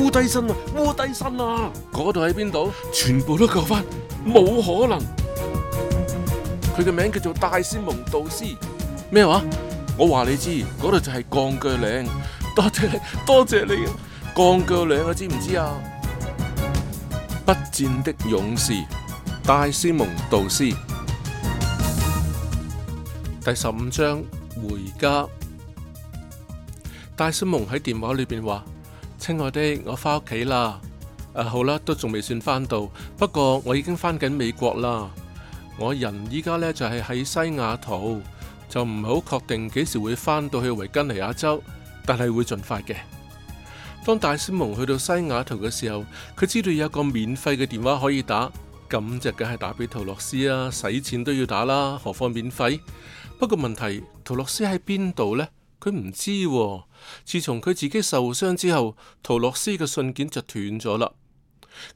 烏低身啊，烏低身啊！嗰度喺邊度？全部都救翻，冇可能。佢嘅名叫做戴斯蒙杜斯，咩話？我話你知，嗰度就係鋼鋸嶺。多謝你，多謝你。鋼鋸嶺啊，知唔知啊？不戰的勇士，戴斯蒙杜斯。第十五章回家。戴斯蒙喺電話裏邊話。親愛的，我返屋企啦。啊，好啦，都仲未算返到，不過我已經返緊美國啦。我人依家呢，就係、是、喺西雅圖，就唔係好確定幾時會返到去維根尼亞州，但係會盡快嘅。當戴斯蒙去到西雅圖嘅時候，佢知道有一個免費嘅電話可以打，咁就梗係打俾陶洛斯啦、啊，使錢都要打啦，何況免費？不過問題陶洛斯喺邊度呢？佢唔知喎、啊，自從佢自己受傷之後，陶洛斯嘅信件就斷咗啦。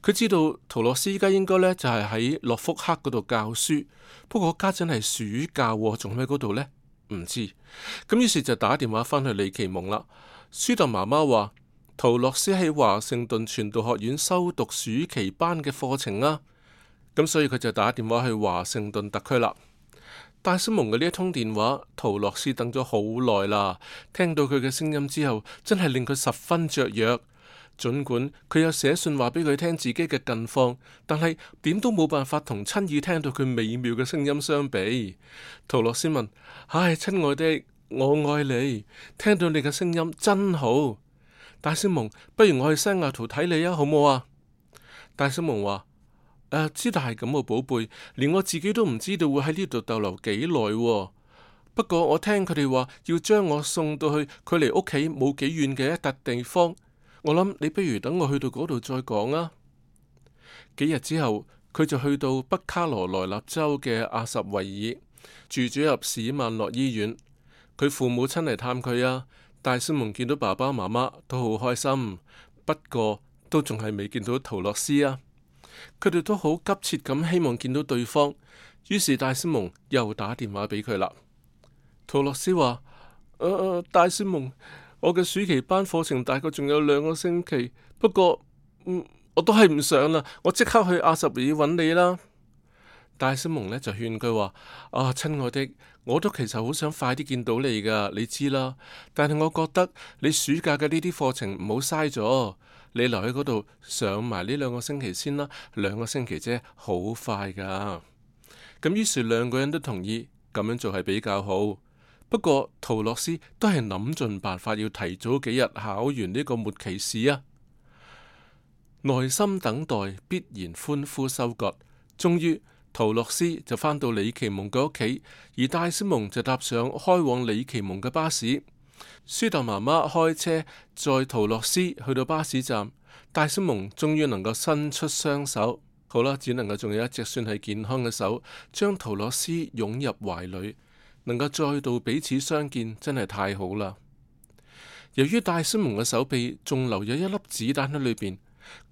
佢知道陶洛斯依家應該咧就係喺洛福克嗰度教書，不過家陣係暑假，仲喺嗰度呢？唔知。咁於是就打電話翻去李奇蒙啦。舒特媽媽話陶洛斯喺華盛頓傳道學院修讀暑期班嘅課程啦、啊，咁所以佢就打電話去華盛頓特區啦。戴斯蒙嘅呢一通電話，陶洛斯等咗好耐啦。聽到佢嘅聲音之後，真係令佢十分雀躍。儘管佢有寫信話俾佢聽自己嘅近況，但係點都冇辦法同親耳聽到佢美妙嘅聲音相比。陶洛斯問：唉，親愛的，我愛你，聽到你嘅聲音真好。戴斯蒙，不如我去西雅圖睇你啊，好唔好啊？戴斯蒙話。啊，知道係咁嘅，寶貝，連我自己都唔知道會喺呢度逗留幾耐，啊。不過我聽佢哋話，要將我送到去距離屋企冇幾遠嘅一笪地方。我諗你不如等我去到嗰度再講啊。幾日之後，佢就去到北卡羅來納州嘅阿什維爾，住咗入史曼洛醫院。佢父母親嚟探佢啊，戴斯蒙見到爸爸媽媽都好開心，不過都仲係未見到陶樂絲啊。佢哋都好急切咁希望見到對方，於是戴斯蒙又打電話俾佢啦。陶洛斯話：，誒，戴斯蒙，我嘅暑期班課程大概仲有兩個星期，不過，嗯，我都係唔上啦，我即刻去阿什爾揾你啦。戴斯蒙呢就勸佢話：，啊、哦，親愛的，我都其實好想快啲見到你噶，你知啦。但係我覺得你暑假嘅呢啲課程唔好嘥咗。你留喺嗰度上埋呢兩個星期先啦，兩個星期啫，好快㗎。咁於是兩個人都同意咁樣做係比較好。不過陶洛斯都係諗盡辦法要提早幾日考完呢個末期試啊。耐心等待必然歡呼收割。終於陶洛斯就翻到李奇蒙嘅屋企，而戴斯蒙就搭上開往李奇蒙嘅巴士。舒達媽媽開車載陶洛斯去到巴士站，戴斯蒙終於能夠伸出雙手，好啦，只能夠仲有一隻算係健康嘅手，將陶洛斯擁入懷裏，能夠再度彼此相見，真係太好啦！由於戴斯蒙嘅手臂仲留有一粒子彈喺裏邊，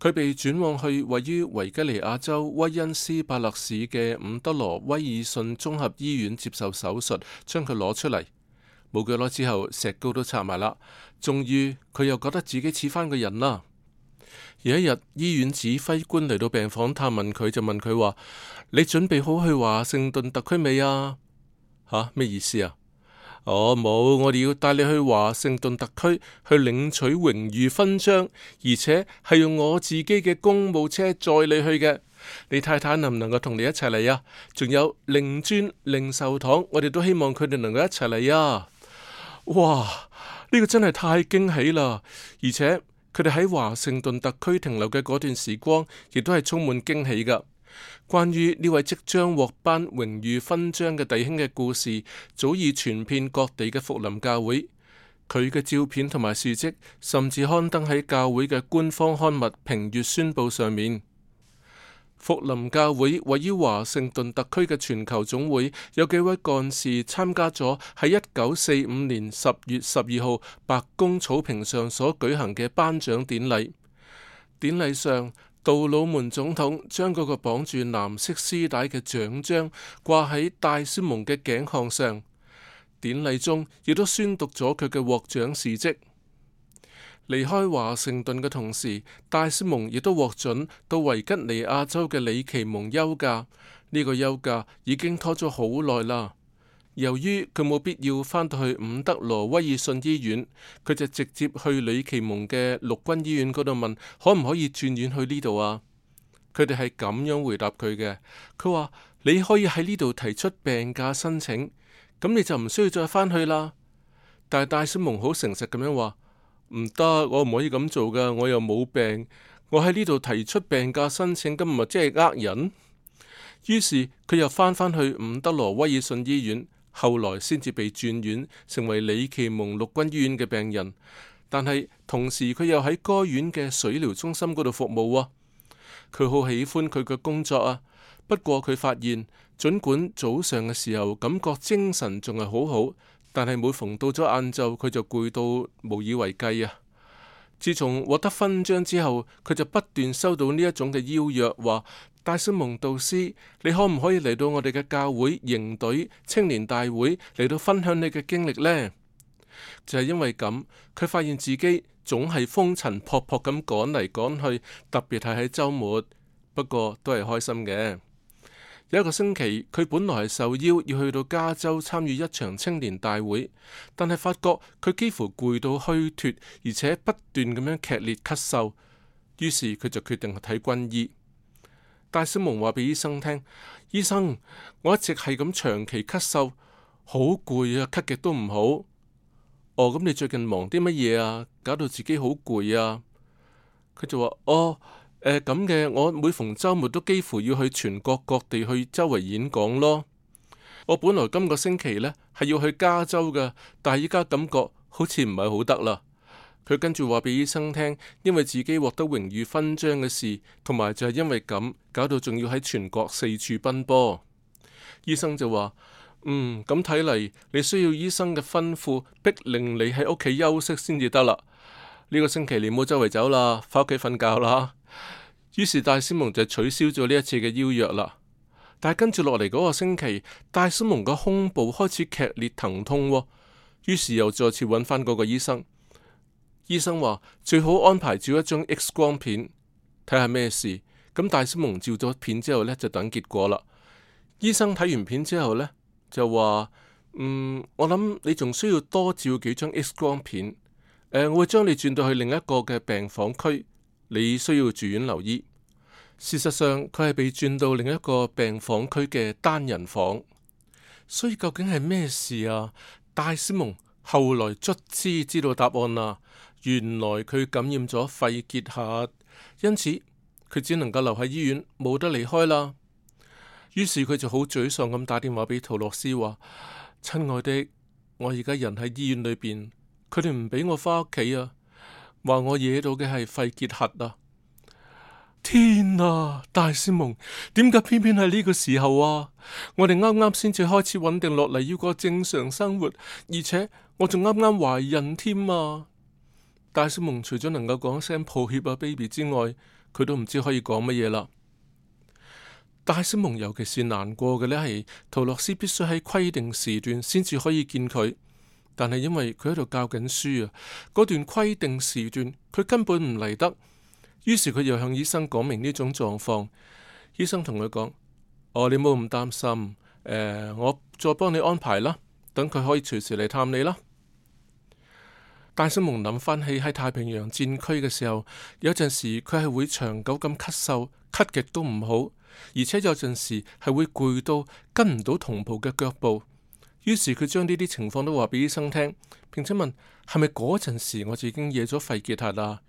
佢被轉往去位於維吉尼亞州威恩斯伯勒市嘅伍德羅威爾遜綜合醫院接受手術，將佢攞出嚟。冇幾耐之後，石膏都拆埋啦。終於佢又覺得自己似返個人啦。有一日，醫院指揮官嚟到病房探問佢，就問佢話：你準備好去華盛頓特區未啊？吓咩意思啊？我、哦、冇，我哋要帶你去華盛頓特區去領取榮譽勳章，而且係用我自己嘅公務車載你去嘅。你太太能唔能夠同你一齊嚟啊？仲有令尊令壽堂，我哋都希望佢哋能夠一齊嚟啊！哇！呢、這個真係太驚喜啦，而且佢哋喺華盛頓特區停留嘅嗰段時光，亦都係充滿驚喜噶。關於呢位即將獲頒榮譽勳章嘅弟兄嘅故事，早已傳遍各地嘅復臨教會，佢嘅照片同埋事蹟，甚至刊登喺教會嘅官方刊物《評閱宣報》上面。福林教會位於華盛頓特區嘅全球總會，有幾位幹事參加咗喺一九四五年十月十二號白宮草坪上所舉行嘅頒獎典禮。典禮上，杜魯門總統將嗰個綁住藍色絲帶嘅獎章掛喺戴斯蒙嘅頸項上。典禮中亦都宣讀咗佢嘅獲獎事跡。離開華盛頓嘅同時，戴斯蒙亦都獲准到維吉尼亞州嘅里奇蒙休假。呢、這個休假已經拖咗好耐啦。由於佢冇必要翻到去伍德羅威爾遜醫院，佢就直接去里奇蒙嘅陸軍醫院嗰度問，可唔可以轉院去呢度啊？佢哋係咁樣回答佢嘅。佢話，你可以喺呢度提出病假申請，咁你就唔需要再翻去啦。但係戴斯蒙好誠實咁樣話。唔得，我唔可以咁做噶，我又冇病，我喺呢度提出病假申請，今日即係呃人。於是佢又翻返去伍德羅威爾遜醫院，後來先至被轉院成為李奇蒙陸軍醫院嘅病人。但係同時佢又喺該院嘅水療中心嗰度服務喎。佢好喜歡佢嘅工作啊。不過佢發現，儘管早上嘅時候感覺精神仲係好好。但係每逢到咗晏晝，佢就攰到無以為繼啊！自從獲得勳章之後，佢就不斷收到呢一種嘅邀約，話「戴斯蒙導師，你可唔可以嚟到我哋嘅教會營隊青年大會嚟到分享你嘅經歷呢？」就係、是、因為咁，佢發現自己總係風塵仆僕咁趕嚟趕去，特別係喺週末。不過都係開心嘅。有一個星期，佢本來係受邀要去到加州參與一場青年大會，但係發覺佢幾乎攰到虛脫，而且不斷咁樣劇烈咳嗽，於是佢就決定去睇軍醫。戴斯蒙話俾醫生聽：「醫生，我一直係咁長期咳嗽，好攰啊，咳極都唔好。哦，咁你最近忙啲乜嘢啊？搞到自己好攰啊？佢就話：「哦。」誒咁嘅，我每逢周末都幾乎要去全國各地去周圍演講咯。我本來今個星期呢係要去加州嘅，但係依家感覺好似唔係好得啦。佢跟住話俾醫生聽，因為自己獲得榮譽勳章嘅事，同埋就係因為咁搞到仲要喺全國四處奔波。醫生就話：嗯，咁睇嚟你需要醫生嘅吩咐，逼令你喺屋企休息先至得啦。呢個星期你唔好周圍走啦，翻屋企瞓覺啦。於是戴斯蒙就取消咗呢一次嘅邀約啦。但係跟住落嚟嗰個星期，戴斯蒙個胸部開始劇烈疼痛，哦，於是又再次揾翻嗰個醫生。醫生話，最好安排照一張 X 光片，睇下咩事。咁戴斯蒙照咗片之後呢，就等結果啦。醫生睇完片之後呢，就話：嗯，我諗你仲需要多照幾張 X 光片。呃、我會將你轉到去另一個嘅病房區。你需要住院留醫。事實上，佢係被轉到另一個病房區嘅單人房。所以究竟係咩事啊？戴斯蒙後來卒之知道答案啦。原來佢感染咗肺結核，因此佢只能夠留喺醫院，冇得離開啦。於是佢就好沮喪咁打電話俾陶洛斯話：親愛的，我而家人喺醫院裏邊，佢哋唔俾我返屋企啊。話我惹到嘅係肺結核啊！天啊，戴斯蒙，點解偏偏喺呢個時候啊？我哋啱啱先至開始穩定落嚟，要過正常生活，而且我仲啱啱懷孕添啊！戴斯蒙除咗能夠講聲抱歉啊，baby 之外，佢都唔知可以講乜嘢啦。戴斯蒙尤其是難過嘅呢，係陶洛斯必須喺規定時段先至可以見佢。但係因為佢喺度教緊書啊，嗰段規定時段佢根本唔嚟得，於是佢又向醫生講明呢種狀況。醫生同佢講：哦，你冇咁擔心，誒、呃，我再幫你安排啦，等佢可以隨時嚟探你啦。戴斯蒙諗翻起喺太平洋戰區嘅時候，有陣時佢係會長久咁咳嗽，咳極都唔好，而且有陣時係會攰到跟唔到同步嘅腳步。於是佢將呢啲情況都話俾醫生聽，並且問係咪嗰陣時我就已經惹咗肺結核啦？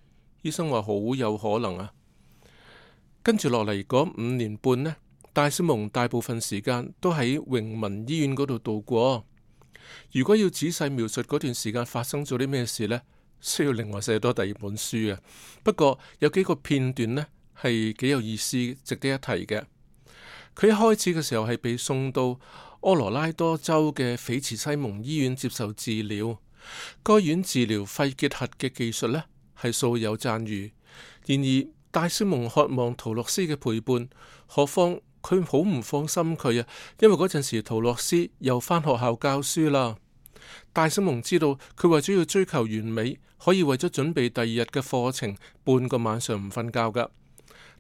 醫生話好有可能啊。跟住落嚟嗰五年半呢，戴斯蒙大部分時間都喺榮民醫院嗰度度過。如果要仔細描述嗰段時間發生咗啲咩事呢，需要另外寫多第二本書啊。不過有幾個片段呢，係幾有意思，值得一提嘅。佢一開始嘅時候係被送到。科羅拉多州嘅斐茨西蒙醫院接受治療，該院治療肺結核嘅技術呢，係素有讚譽。然而，戴斯蒙渴望陶洛斯嘅陪伴，何況佢好唔放心佢啊，因為嗰陣時陶洛斯又翻學校教書啦。戴斯蒙知道佢為咗要追求完美，可以為咗準備第二日嘅課程，半個晚上唔瞓覺噶。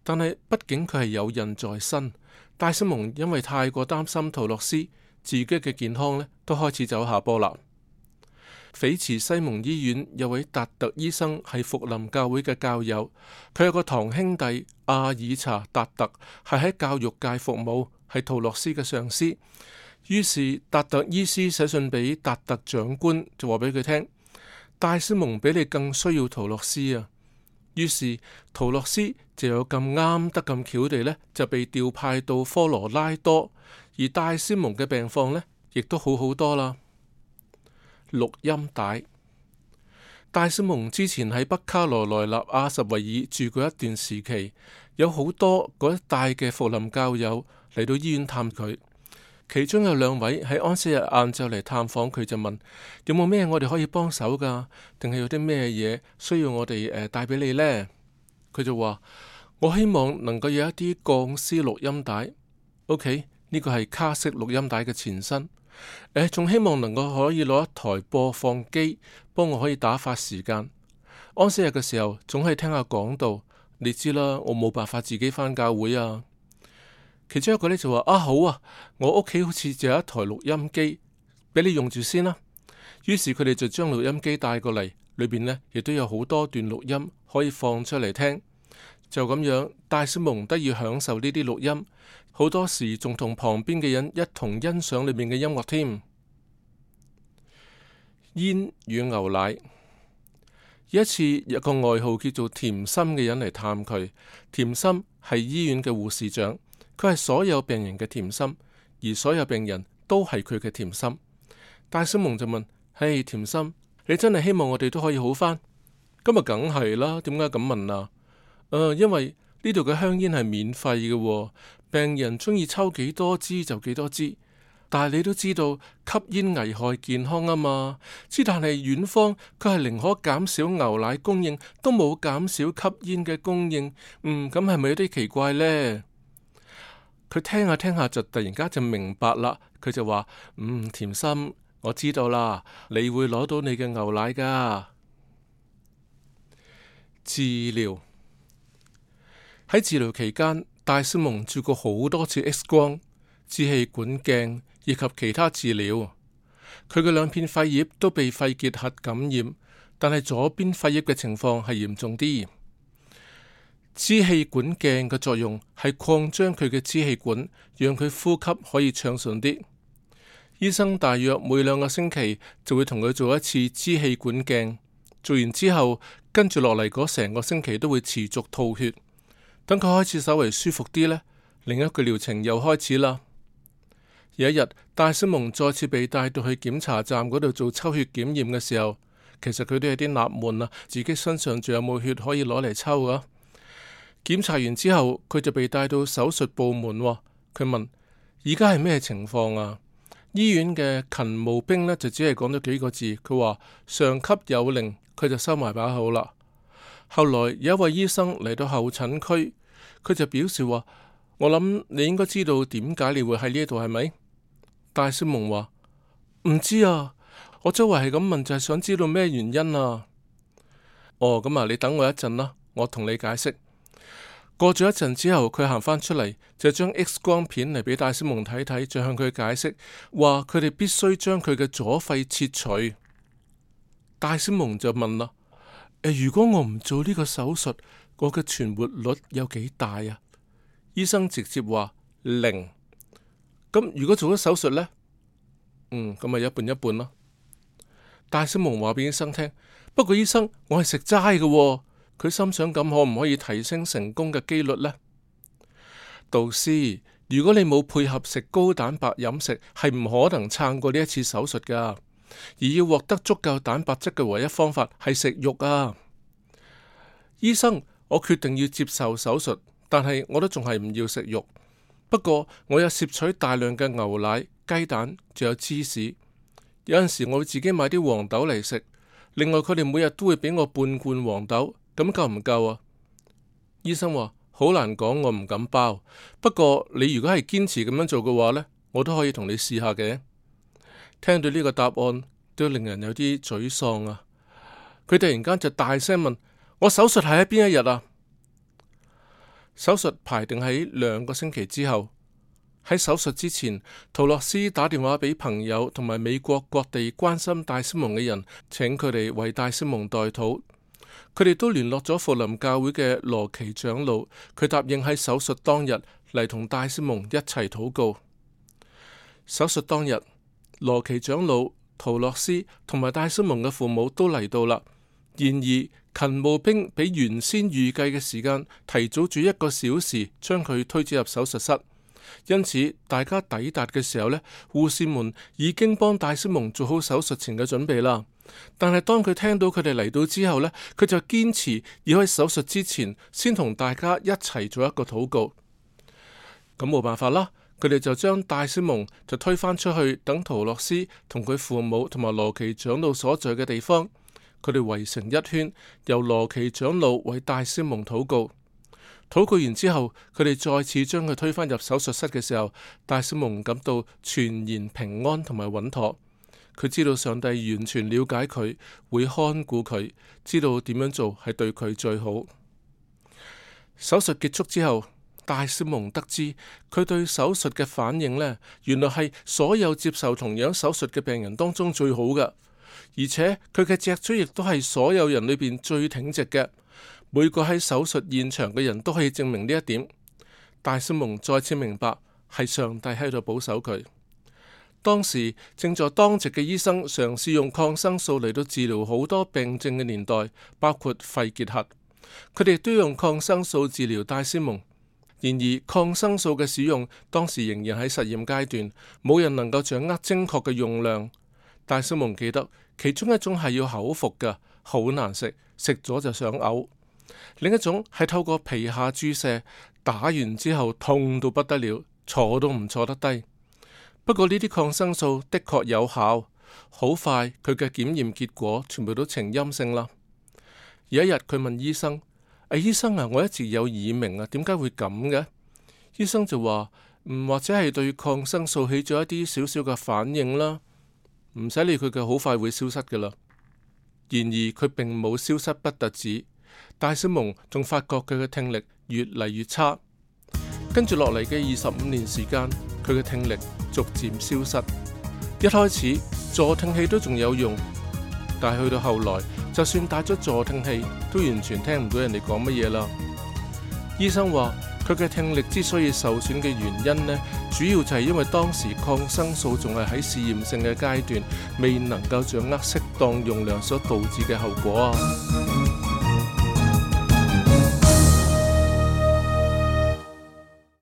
但係，畢竟佢係有孕在身，戴斯蒙因為太過擔心陶洛斯自己嘅健康咧，都開始走下坡啦。斐茨西蒙醫院有位達特醫生係福林教會嘅教友，佢有個堂兄弟阿爾查達特係喺教育界服務，係陶洛斯嘅上司。於是達特醫師寫信俾達特長官就，就話俾佢聽，戴斯蒙比你更需要陶洛斯啊。於是陶洛斯就有咁啱得咁巧地咧，就被調派到科羅拉多，而戴斯蒙嘅病況呢亦都好好多啦。錄音帶，戴斯蒙之前喺北卡羅來納阿什維爾住過一段時期，有好多嗰一帶嘅復臨教友嚟到醫院探佢。其中有兩位喺安息日晏晝嚟探訪佢，就問有冇咩我哋可以幫手噶，定係有啲咩嘢需要我哋誒帶俾你呢？」佢就話：我希望能夠有一啲鋼絲錄音帶，OK？呢個係卡式錄音帶嘅前身。誒、呃，仲希望能夠可以攞一台播放機，幫我可以打發時間。安息日嘅時候，總係聽下講道，你知啦，我冇辦法自己返教會啊。其中一個呢，就話：啊，好啊，我屋企好似就有一台錄音機，俾你用住先啦。於是佢哋就將錄音機帶過嚟，裏邊呢亦都有好多段錄音可以放出嚟聽。就咁樣，戴斯蒙得以享受呢啲錄音，好多時仲同旁邊嘅人一同欣賞裏面嘅音樂添。煙與牛奶一有一次，有個外號叫做甜心嘅人嚟探佢。甜心係醫院嘅護士長。佢係所有病人嘅甜心，而所有病人都係佢嘅甜心。戴斯蒙就問：嘿，甜心，你真係希望我哋都可以好翻？今日梗係啦，點解咁問啊、呃？因為呢度嘅香煙係免費嘅，哦，病人中意抽幾多支就幾多支。但係你都知道吸煙危害健康啊嘛？之但係遠方佢係寧可減少牛奶供應，都冇減少吸煙嘅供應。嗯，咁係咪有啲奇怪呢？」佢聽下聽下就突然間就明白啦。佢就話：唔、嗯、甜心，我知道啦，你會攞到你嘅牛奶㗎。治療。喺治療期間，戴斯蒙照過好多次 X 光、支氣管鏡以及其他治療。佢嘅兩片肺葉都被肺結核感染，但係左邊肺葉嘅情況係嚴重啲。支氣管鏡嘅作用係擴張佢嘅支氣管，讓佢呼吸可以暢順啲。醫生大約每兩個星期就會同佢做一次支氣管鏡，做完之後跟住落嚟嗰成個星期都會持續吐血。等佢開始稍微舒服啲呢，另一個療程又開始啦。有一日，戴斯蒙再次被帶到去檢查站嗰度做抽血檢驗嘅時候，其實佢都有啲納悶啊，自己身上仲有冇血可以攞嚟抽啊？檢查完之後，佢就被帶到手術部門。佢、啊、問：而家係咩情況啊？醫院嘅勤務兵呢，就只係講咗幾個字，佢話上級有令，佢就收埋把口啦。後來有一位醫生嚟到候診區，佢就表示話：我諗你應該知道點解你會喺呢度係咪？戴斯蒙話：唔知啊，我周圍係咁問就係想知道咩原因啊。哦，咁啊，你等我一陣啦，我同你解釋。過咗一陣之後，佢行翻出嚟，就將 X 光片嚟俾戴斯蒙睇睇，再向佢解釋，話佢哋必須將佢嘅左肺切除。戴斯蒙就問啦、呃：，如果我唔做呢個手術，我嘅存活率有幾大啊？醫生直接話零。咁如果做咗手術呢？嗯，咁咪一半一半咯。戴斯蒙話俾醫生聽：，不過醫生，我係食齋嘅。佢心想咁可唔可以提升成功嘅幾率呢？杜斯，如果你冇配合食高蛋白飲食，係唔可能撐過呢一次手術噶。而要獲得足夠蛋白質嘅唯一方法係食肉啊。醫生，我決定要接受手術，但係我都仲係唔要食肉。不過我有攝取大量嘅牛奶、雞蛋，仲有芝士。有陣時我會自己買啲黃豆嚟食。另外佢哋每日都會俾我半罐黃豆。咁夠唔夠啊？醫生話好難講，我唔敢包。不過你如果係堅持咁樣做嘅話呢，我都可以同你試下嘅。聽到呢個答案，都令人有啲沮喪啊！佢突然間就大聲問我，手術係喺邊一日啊？手術排定喺兩個星期之後。喺手術之前，陶洛斯打電話俾朋友同埋美國各地關心戴斯蒙嘅人，請佢哋為戴斯蒙代禱。佢哋都聯絡咗扶林教會嘅羅奇長老，佢答應喺手術當日嚟同戴斯蒙一齊禱告。手術當日，羅奇長老、陶洛斯同埋戴斯蒙嘅父母都嚟到啦。然而，勤務兵比原先預計嘅時間提早住一個小時，將佢推咗入手術室。因此，大家抵達嘅時候呢，護士們已經幫戴斯蒙做好手術前嘅準備啦。但係當佢聽到佢哋嚟到之後呢，佢就堅持要喺手術之前先同大家一齊做一個禱告。咁冇辦法啦，佢哋就將戴斯蒙就推返出去，等陶洛斯同佢父母同埋羅奇長老所在嘅地方，佢哋圍成一圈，由羅奇長老為戴斯蒙禱告。禱告完之後，佢哋再次將佢推返入手術室嘅時候，戴斯蒙感到全然平安同埋穩妥。佢知道上帝完全了解佢，會看顧佢，知道點樣做係對佢最好。手術結束之後，戴斯蒙得知佢對手術嘅反應咧，原來係所有接受同樣手術嘅病人當中最好嘅，而且佢嘅脊椎亦都係所有人裏邊最挺直嘅。每個喺手術現場嘅人都可以證明呢一點。戴斯蒙再次明白係上帝喺度保守佢。當時正在當值嘅醫生嘗試用抗生素嚟到治療好多病症嘅年代，包括肺結核，佢哋都用抗生素治療戴斯蒙。然而抗生素嘅使用當時仍然喺實驗階段，冇人能夠掌握精確嘅用量。戴斯蒙記得其中一種係要口服嘅，好難食，食咗就想嘔；另一種係透過皮下注射，打完之後痛到不得了，坐都唔坐得低。不過呢啲抗生素的確有效，好快佢嘅檢驗結果全部都呈陰性啦。有一日佢問醫生：誒、啊，醫生啊，我一直有耳鳴啊，點解會咁嘅？醫生就話：唔、嗯、或者係對抗生素起咗一啲少少嘅反應啦，唔使理佢嘅，好快會消失噶啦。然而佢並冇消失不特止，戴斯蒙仲發覺佢嘅聽力越嚟越差。跟住落嚟嘅二十五年時間，佢嘅聽力逐漸消失，一開始助聽器都仲有用，但係去到後來，就算帶咗助聽器，都完全聽唔到人哋講乜嘢啦。醫生話，佢嘅聽力之所以受損嘅原因呢，主要就係因為當時抗生素仲係喺試驗性嘅階段，未能夠掌握適當用量所導致嘅後果啊。